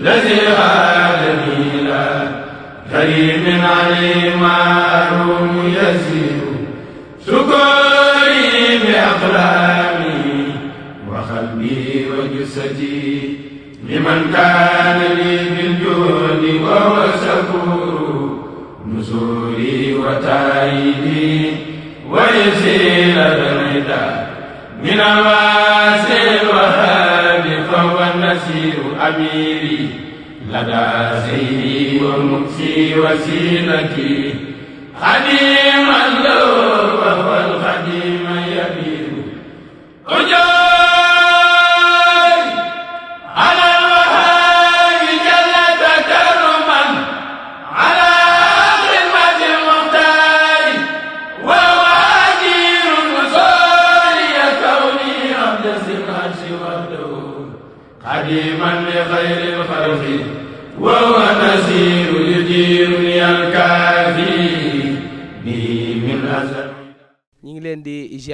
الذي عالمي لا كريم عليم معلوم يزيد شكري بأقلامي وقلبي وجسدي لمن كان لي بالجود وهو شكور نزولي وتعيدي ويزيل الرداء من الواسع نسير أميري لدى سيدي ومكسي وسيلتي خديما له وهو الخديم يبير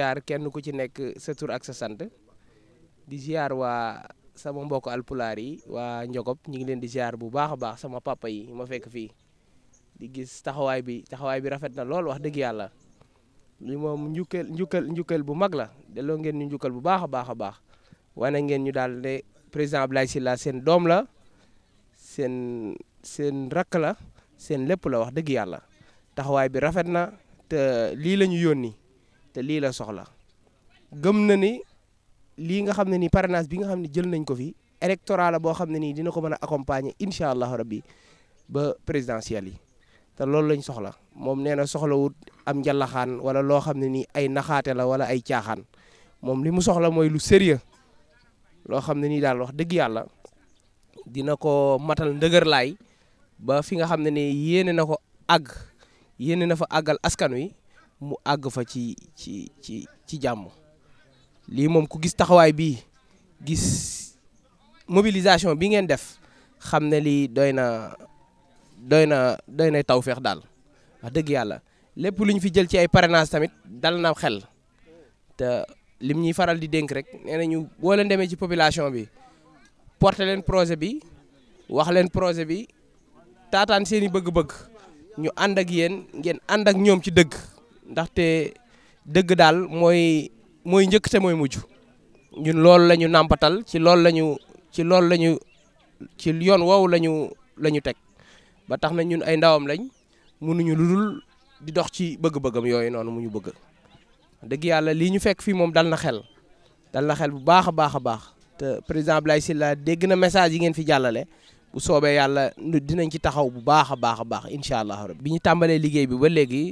ziar kenn ku ci nekk sa tur ak sa sant di ziar waa sama mbokk alpulaar yi waa Njogob ñu ngi leen di ziar bu baax a baax sama papa yi ma fekk fii di gis taxawaay bi taxawaay bi rafet na lool wax dëgg yàlla li moom njukkal njukkal njukkal bu mag la delloo ngeen njukkal bu baax a baax a baax wane ngeen ñu daal ne président Abdoulaye Sylla seen doom la seen seen rakk la seen lépp la wax dëgg yàlla rafet na lii lañu ñu yónni te lii la soxla gëm na ni lii nga xam ne nii parrainage bi nga xam ne jël nañ ko fi électorat boo xam ne nii dina ko mën a accompagner incha allahu ba présidentielle yi te loolu lañ soxla moom nee na soxlawut am njàllaxaan wala loo xam ne nii ay naxaate la wala ay caaxaan moom li mu soxla mooy lu sérieux loo xam ne nii daal wax dëgg yàlla dina ko matal ndëgër lay ba fi nga xam ne nii yéene na ko àgg yéene na fa àggal askan wi mu àgg fa ci ci ci ci jàmm lii moom ku gis taxawaay bi gis mobilisation bi ngeen def xam ne lii doy na doy na doy na tawfeex daal wax dëgg yàlla lépp lu ñu fi jël ci ay parrainage tamit dal na xel te lim ñuy faral di dénk rek nee nañu boo demee ci population bi porter leen projet bi wax leen projet bi taataan seen i bëgg-bëgg ñu ànd ak yéen ngeen ànd ak ñoom ci dëgg ndaxte dëgg daal mooy mooy njëkk te mooy mujj ñun lool lañu nàmpatal ci loolu la ñu ci loolu la ñu ci yoon woowu lañu ñu la ñu teg ba tax na ñun ay ndawam lañ mënuñu lul di dox ci bëgg-bëggam yooyu noonu mu ñu bëgg dëgg yàlla lii ñu fekk fii moom dal na xel dal na xel bu baax a baax a baax te ay si la dégg na message yi ngeen fi jàllale bu soobee yàlla dinañ ci taxaw bu baax a baax a baax incha allah rabbi bi ñu tàmbalee liggéey bi ba léegi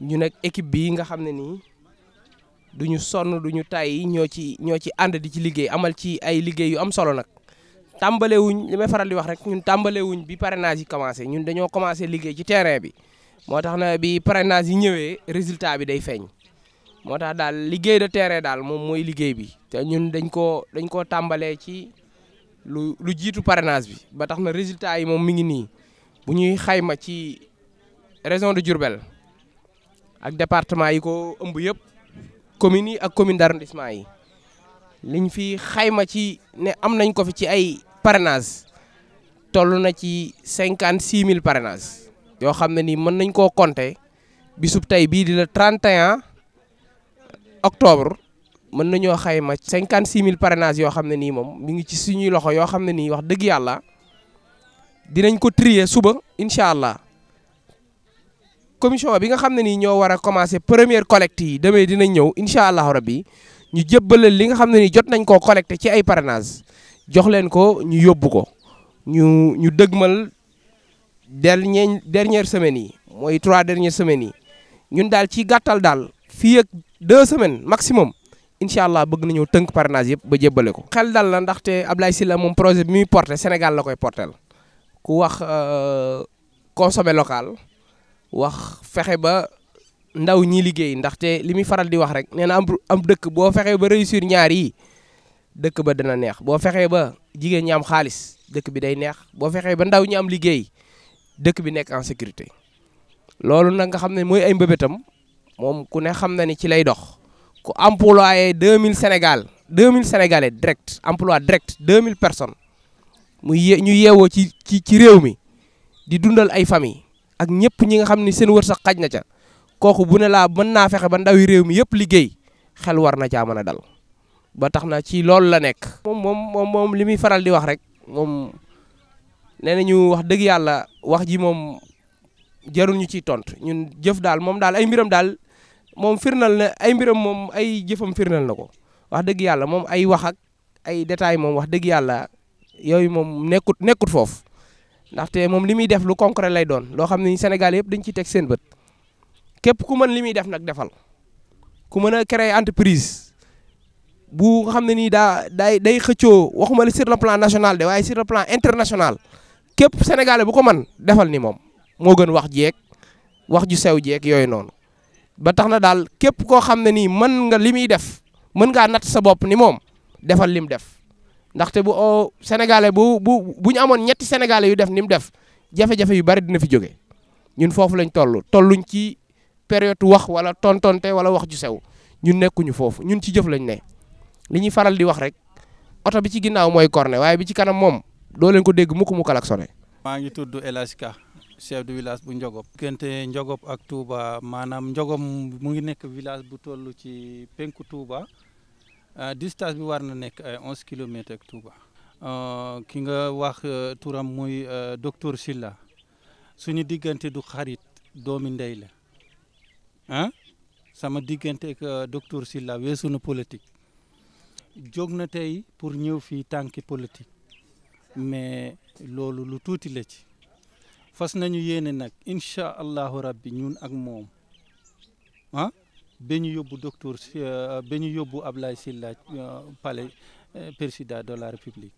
ñu nekk équipe bii nga xam ne nii duñu sonn duñu tàyyi ñoo ci ñoo ci ànd di ci liggéey amal ci ay liggéey yu am solo nag tàmbalewuñ li ma faral di wax rek ñun tàmbalewuñ bi parrainage yi commencé ñun dañoo commencé liggéey ci terrain bi moo tax na bi parrainage yi ñëwee résultat bi day feeñ moo tax daal liggéey de terrain daal moom mooy liggéey bi te ñun dañ koo dañ koo tàmbalee ci lu lu jiitu parrainage bi ba tax na résultat yi moom mi ngi nii bu ñuy xayma ci région de Diourbel ak département yi ko ëmb yëpp commune yi ak commune d'arrondissement yi liñ fi xayma ci ne am nañ ko fi ci ay parrainage toll na ci cinquante six mille parrainage yoo xam ne nii mën nañ koo compter bisub tey bii di la 31 octobre mën nañoo xayma cinquante six mille parrainage yoo xam ne nii moom mi ngi ci suñuy loxo yoo xam ne ni wax dëgg yàlla dinañ ko trier suba incha allah. commission bi nga xam ne nii ñoo war a première collecte yi demee dinañ ñëw incha allahu rabbi ñu jëbbalal li nga xam ne ni jot nañ koo collecté ci ay parrainage jox leen ko ñu yóbbu ko ñu ñu dëgmal dernier dernière semaine yi mooy trois dernières semaines yi ñun daal ci gàttal daal fii ak deux semaines maximum incha allah bëgg nañoo tënk parenage yëpp ba jébbale ko. xel daal la ndaxte Ablaye Sylla moom projet bi muy Sénégal la koy portel ku wax euh, consommer local. wax fexe ba ndaw ñi liggéey ndaxte li muy faral di wax rek nee na am dëkk boo fexee ba réussir ñaar yi dëkk ba dana neex boo fexee ba jigéen ñi am xaalis dëkk bi day neex boo fexee ba ndaw ñi am liggéey dëkk bi nekk en sécurité loolu nag nga xam ne mooy ay mbébétam moom ku ne xam na ni ci lay dox ku employé 2000 Sénégal 2000 Sénégalais direct emploi direct 2000 personnes muy ñu yeewoo ci ci ci réew mi di dundal ay famille ak ñëpp ñi nga xam ni seen war sax xaj na ca kooku bu ne laa mën naa fexe ba ndawi réew mi yëpp liggéey xel war na caa mën a dal ba tax na ci loolu la nekk. moom moom moom moom li muy faral di wax rek moom nee nañu wax dëgg yàlla wax ji moom jarul ñu ciy tontu ñun jëf daal moom daal ay mbiram daal moom firnal na ay mbiram moom ay jëfam firnal na ko wax dëgg yàlla moom ay wax ak ay détails moom wax dëgg yàlla yooyu moom nekkut nekkut foofu. ndaxte moom li muy def lu concret lay doon loo xam ne Sénégal yëpp dañ ciy teg seen bët képp ku mën li muy def nag defal ku mën a créer entreprise bu nga xam ne nii daa day day xëccoo waxuma la sur le plan national de waaye sur le plan international képp sénégalais bu ko man defal ni moom moo gën wax jeeg wax ju sew jeeg yooyu noonu ba tax na daal képp koo xam ne nii mën nga li muy def mën ngaa nat sa bopp ni moom defal lim def ndaxte bu oo oh, sénégalais bu bu ñu amoon ñetti sénégalais yu def ni mu def jafe-jafe yu bari dina fi jóge ñun foofu lañ toll tolluñ ci période wax wala tontonte wala wax ju sew ñun nekkuñu foofu ñun ci jëf lañ ne li ñuy faral di wax rek oto bi ci ginnaaw mooy corne waaye bi ci kanam moom doo leen ko dégg mukk mu klaxonné. maa ngi tudd El Hadj Ka chef village bu Ndiogop. diggante Ndiogop ak Touba maanaam Ndiogop mu ngi nekk village bu toll ci penku Touba. Euh, distance bi war na nekk ay euh, onze kilomètres ak Touba. Euh, ki nga wax turam muy docteur Silla suñu diggante du xarit doomi ndey la ah sama diggante ak docteur Silla weesu na politique jóg na tey pour ñëw fii tànki politique mais loolu lu tuuti la ci fas nañu yéene nag incha allahu rabbi ñun ak moom ah. ba ñu yóbbu docteur euh, ba ñu yóbbu Ablaye Sylla euh, palais euh, président de la république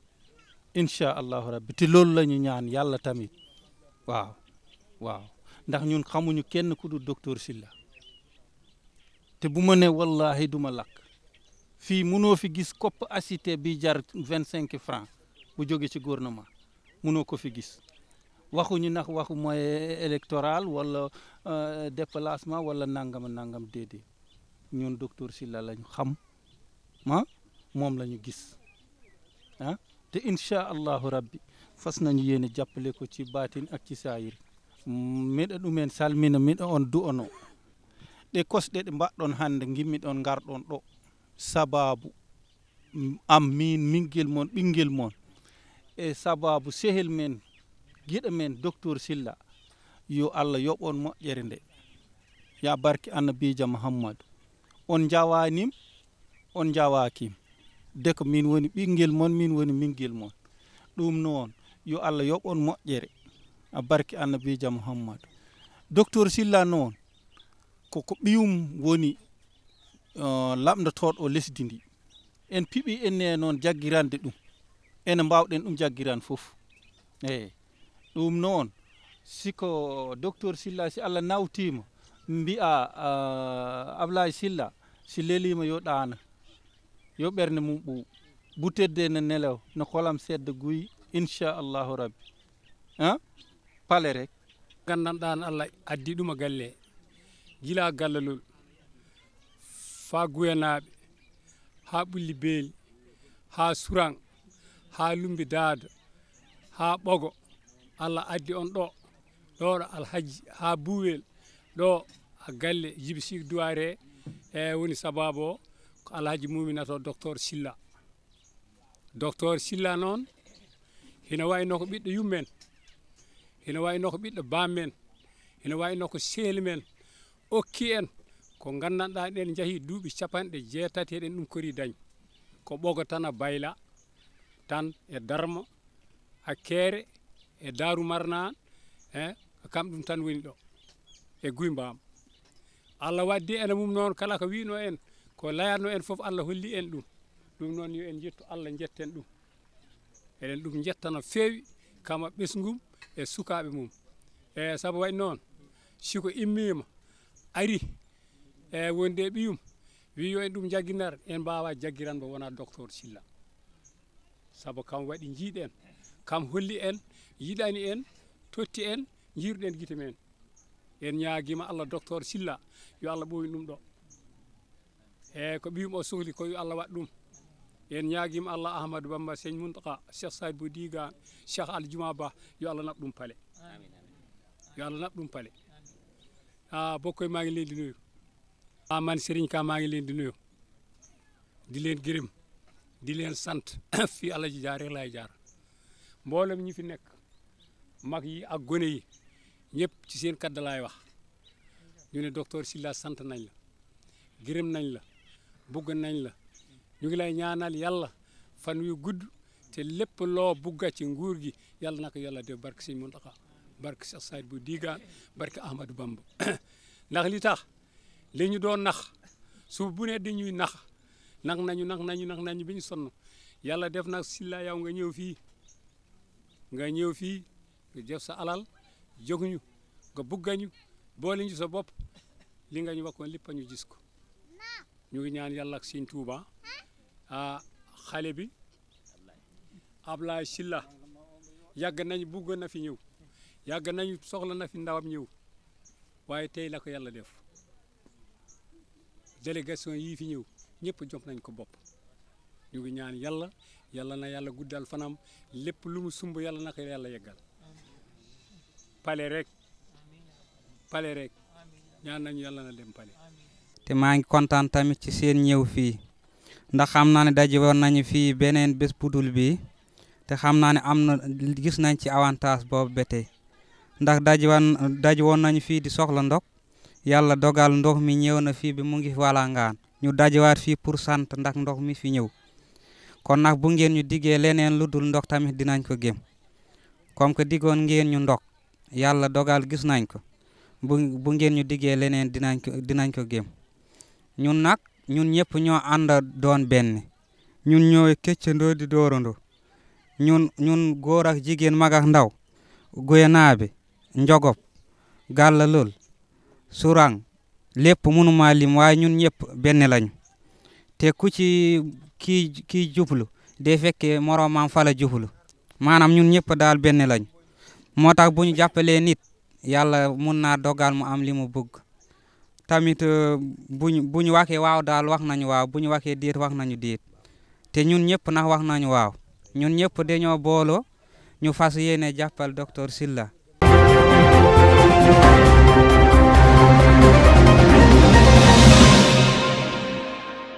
incha allahu rabbi te loolu la ñu ñaan yàlla tamit waaw waaw ndax ñun xamuñu kenn ku dul docteur Sylla te bu ma ne wallahi du ma lakk fii munoo fi gis kopp acité bi jar vingt cinq franc bu jóge ci gouvernement munoo ko fi gis waxuñu nag waxu mooy électoral wala euh, déplacement wala nangam nangam déedéet ñun docteur Sylla lañu xam ah moom la ñu gis ah te incha allahu rabbi fas nañu yéene jàppale ko ci baatin ak ci saayir miɗen ɗumen salmina miɗo on du'ono ɗe kosɗe ɗe mbaɗɗon hannde gimmiɗon garɗon ɗo sababu mm, am min mingel mon ɓinngel mon e sababu sehel men giɗo men docteur silla yo allah yoɓon moƴƴere nde ya barke annabijo mouhammadou on jawanim on jawakim deko min min woni minguel moon ɗum noon yo allah yoɓon moƴƴere a barke annabijo mouhammadou silla noon koko ɓiyum woni uh, lamdotoɗo lesdi ndi en piɓi enne noon jagguirande ɗum ene mbawɗen ɗum jagguiran foof ɗum noon siko docteur silla si allah nawtima mbiya euh, ablaye silla si lelima yo ɗana yo ɓerde mum ɓuu butedde no nelew no kolam sedda guyi inchallahu rabbi han paale rek allah addi ɗum a galle gila gallalol fa guyanaɓe ha ɓulli beeli ha suran ha lumbi daada ha ɓogo allah addi on ɗo ɗoɗo alhaji ha buwel ɗo galle jibi sik duware e woni sababu o ko alhaji muminato docteur silla docteur silla noon hina wayno ko ɓiɗɗo yummen hina wayno ko ɓiɗɗo bammen hina wayno ko sehli okki en ko gandanɗa ɗen jaahi duuɓi capanɗe jeetati eɗen ɗum kori dañ ko ɓogo tan a bayla tan e darma hakkere e daaru marna en e kamɗum tan woni ɗo e guy mbam allah waddi ene mum noon kala ko wino en ko layatno en foof allah holli en ɗum ɗum noon yo en jettu allah jetten ɗum eɗen ɗum jettano feewi kama ɓesgum e sukaɓe mum e saabu noon siko immima ari e wonde ɓiyum wi en ɗum jagguinare en mbawa jagguiranmo wona docteur silla saabu kam waɗi jiiɗen kam holli en yiɗani en totti en jiiruɗen guite men en ñaaguima allah docteur silla yo allah ɓooyni ɗum ɗo eyyi ko ɓiyum o sohli ko yo allah waɗ ɗum en ñaaguima allah ahmadou bamba seigne muntaka cheikh sadibou diga cheikh aljuma ba yo allah naɓ ɗum paale yo allah naɓ ɗum paale a bokkoye ma ngi leen di man sérigne ka ma ngi leen di nuyu di leen gërëm leen sant fii allah ji jaar rek mboole ñi fi nekk mag yi ak gone yi ñëpp ci seen kàddu laay wax ñu ne docteur Sylla sant nañ la gërëm nañ la bugg nañ la ñu ngi lay ñaanal yàlla fan yu gudd te lépp loo bugga ci nguur gi yàlla na ko yàlla def barke Sëñ Muntaxa barke Cheikh Saïd bu diigaan barke Ahmadou Bamba ndax li tax li ñu doon nax suuf bu di dañuy nax nax nañu nax nañu nax nañu bi sonn yàlla def nag Sylla yow nga ñëw fii nga ñëw fii nga jëf sa alal jóguñu nga buggañu boole ñu sa bopp li nga ñu wakkoon lépp ñu gis ko ñu ngi ñaan yàlla ak Sëñ Tuuba ah xale bi Ablaye Sylla yàgg nañ bugg na fi ñëw yàgg nañu soxla na fi ndaw am ñëw waaye tey la ko yàlla def délégation yii fi ñëw ñëpp jox nañ ko bopp ñu ngi ñaan yàlla yàlla na yàlla guddal fanam lépp lu mu sumb yàlla na ko yàlla yeggal pale rek pale rek ñaan nañu yàlla na dem pale te maa ngi kontaan tamit ci seen ñëw fii ndax xam naa ne daj woon nañu fii beneen bés budul bi te xam naa ne am na gis nañ ci avantage boobu ba tey ndax daj woon daje woon nañu fii di soxla ndox yàlla dogal ndox mi ñëw na fii bi mu ngi walangaan ñu dajewaat fii pour sant ndax ndox mi fi ñëw kon nag bu ngeen ñu diggee leneen lu dul ndox tamit dinañ ko gém comme que diggoon ngeen ñu ndog yàlla dogal gis nañ ko bu bu ngeen ñu diggee leneen dinañ ko dinañ ko gém ñun nag ñun ñëpp ñoo ànd doon benn ñun ñooy keccandoo di doorandoo ñun ñun góor ak jigéen mag ak ndaw goyenaabe njogob gàllalool surang lépp mënumaa lim waaye ñun ñëpp benn lañu te ku kii kii jublu day fekkee moroomam fala la jublu maanaam ñun ñëpp daal benn lañ moo tax bu ñu jàppalee nit yàlla mun naa dogal mu am li mu bëgg tamit euh, bu ñu bu ñu waxee waaw daal wax nañu waaw bu ñu waxee déet wax nañu déet te ñun ñëpp nag wax nañu waaw ñun ñëpp dañoo booloo ñu fas yéene jàppal docteur silla